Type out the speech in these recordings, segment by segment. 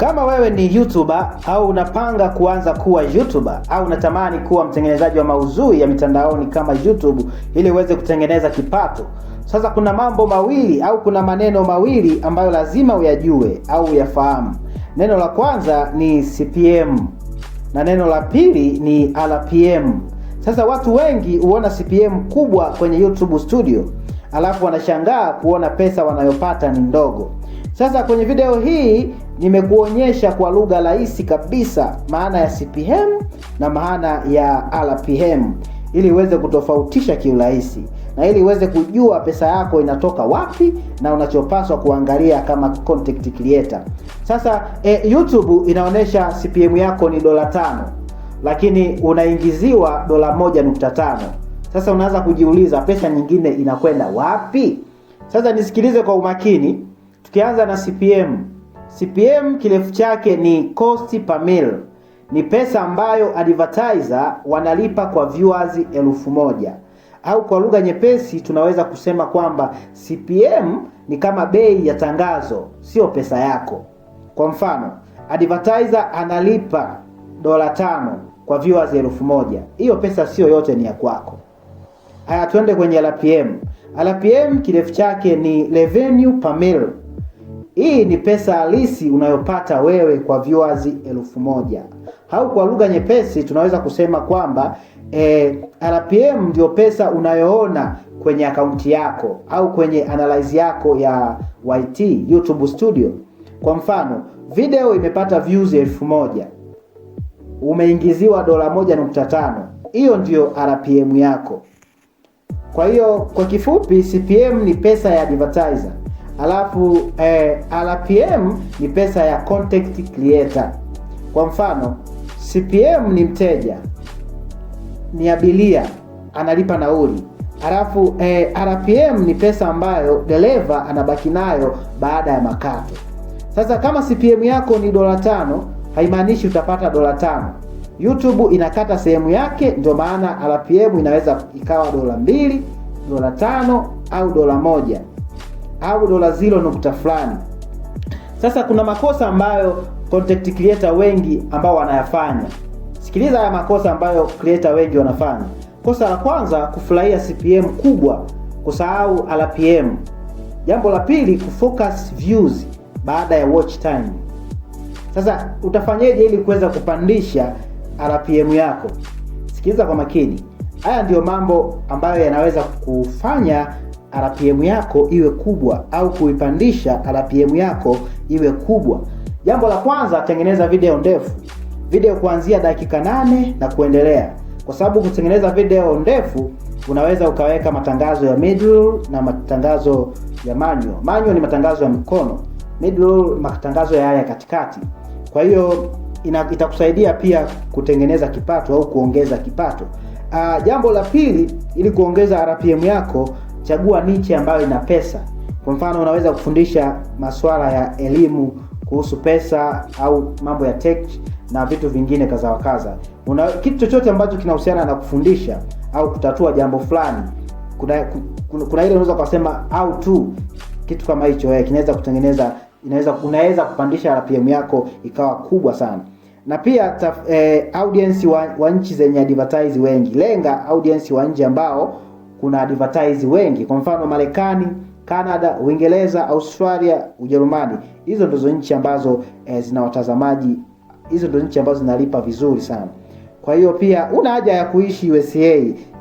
Kama wewe ni YouTuber au unapanga kuanza kuwa YouTuber au unatamani kuwa mtengenezaji wa mauzui ya mitandaoni kama YouTube ili uweze kutengeneza kipato, sasa kuna mambo mawili au kuna maneno mawili ambayo lazima uyajue au uyafahamu. Neno la kwanza ni CPM na neno la pili ni RPM. Sasa watu wengi huona CPM kubwa kwenye YouTube Studio alafu wanashangaa kuona pesa wanayopata ni ndogo. Sasa kwenye video hii nimekuonyesha kwa lugha rahisi kabisa maana ya CPM na maana ya RPM ili uweze kutofautisha kiurahisi na ili uweze kujua pesa yako inatoka wapi na unachopaswa kuangalia kama content creator. Sasa e, YouTube inaonyesha CPM yako ni dola tano, lakini unaingiziwa dola moja nukta tano. Sasa unaanza kujiuliza pesa nyingine inakwenda wapi? Sasa nisikilize kwa umakini. Tukianza na CPM. CPM kirefu chake ni cost per mille. Ni pesa ambayo advertiser wanalipa kwa viewers elfu moja au kwa lugha nyepesi tunaweza kusema kwamba CPM ni kama bei ya tangazo, sio pesa yako. Kwa mfano, advertiser analipa dola tano kwa viewers elfu moja. Hiyo pesa sio yote, ni ya kwako. Haya, twende kwenye LPM. LPM kirefu chake ni revenue per mil. Hii ni pesa halisi unayopata wewe kwa viewers elfu moja au kwa lugha nyepesi tunaweza kusema kwamba eh, RPM ndio pesa unayoona kwenye akaunti yako au kwenye analyze yako ya YT YouTube Studio. Kwa mfano, video imepata views elfu moja umeingiziwa dola moja nukta tano. Hiyo ndiyo RPM yako. Kwa hiyo kwa kifupi, CPM ni pesa ya advertiser, alafu eh, RPM ni pesa ya content creator. Kwa mfano, CPM ni mteja, ni abiria analipa nauli, alafu eh, RPM ni pesa ambayo dereva anabaki nayo baada ya makato. Sasa kama CPM yako ni dola tano, haimaanishi utapata dola tano YouTube inakata sehemu yake, ndio maana RPM inaweza ikawa dola mbili, dola tano au dola moja au dola ziro nukta fulani. Sasa kuna makosa ambayo content creator wengi ambao wanayafanya. Sikiliza haya makosa ambayo creator wengi wanafanya. Kosa la kwanza, kufurahia CPM kubwa, kusahau RPM. Jambo la pili, kufocus views baada ya watch time. Sasa utafanyaje ili kuweza kupandisha RPM yako. Sikiliza kwa makini, haya ndiyo mambo ambayo yanaweza kufanya RPM yako iwe kubwa au kuipandisha RPM yako iwe kubwa. Jambo la kwanza, tengeneza video ndefu, video kuanzia dakika nane na kuendelea, kwa sababu kutengeneza video ndefu unaweza ukaweka matangazo ya middle na matangazo ya manual. Manual ni matangazo ya mkono, middle matangazo ya haya katikati. Kwa hiyo ina, itakusaidia pia kutengeneza kipato au kuongeza kipato. Uh, jambo la pili, ili kuongeza RPM yako, chagua niche ambayo ina pesa. Kwa mfano, unaweza kufundisha masuala ya elimu kuhusu pesa au mambo ya tech na vitu vingine kaza wa Una kitu chochote ambacho kinahusiana na kufundisha au kutatua jambo fulani, kuna kuna, kuna ile unaweza kusema how to kitu kama hicho, eh kinaweza kutengeneza inaweza unaweza kupandisha RPM yako ikawa kubwa sana na pia taf, eh, audience wa, wa nchi zenye advertise wengi. Lenga audience wa nje ambao kuna advertise wengi, kwa mfano Marekani, Canada, Uingereza, Australia, Ujerumani. Hizo ndizo nchi ambazo eh, zina watazamaji, hizo ndizo nchi ambazo zinalipa vizuri sana. Kwa hiyo pia una haja ya kuishi USA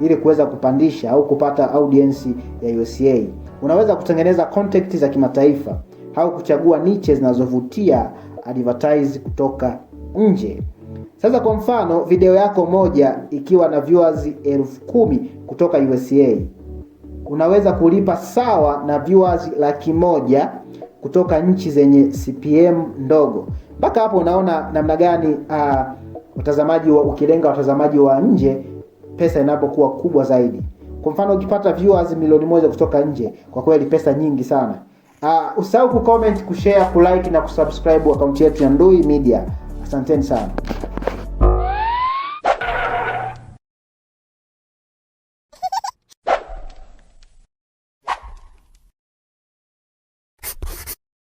ili kuweza kupandisha au kupata audience ya USA. Unaweza kutengeneza contact za kimataifa au kuchagua niche zinazovutia advertise kutoka nje. Sasa kwa mfano, video yako moja ikiwa na viewers elfu kumi kutoka USA unaweza kulipa sawa na viewers laki moja kutoka nchi zenye CPM ndogo. Mpaka hapo unaona namna gani uh, watazamaji wa, ukilenga watazamaji wa nje pesa inapokuwa kubwa zaidi. Kwa mfano ukipata viewers milioni moja kutoka nje, kwa kweli pesa nyingi sana. Uh, ah, usahau kucomment, kushare, kulike na kusubscribe akaunti yetu ya Ndui Media. Asanteni sana.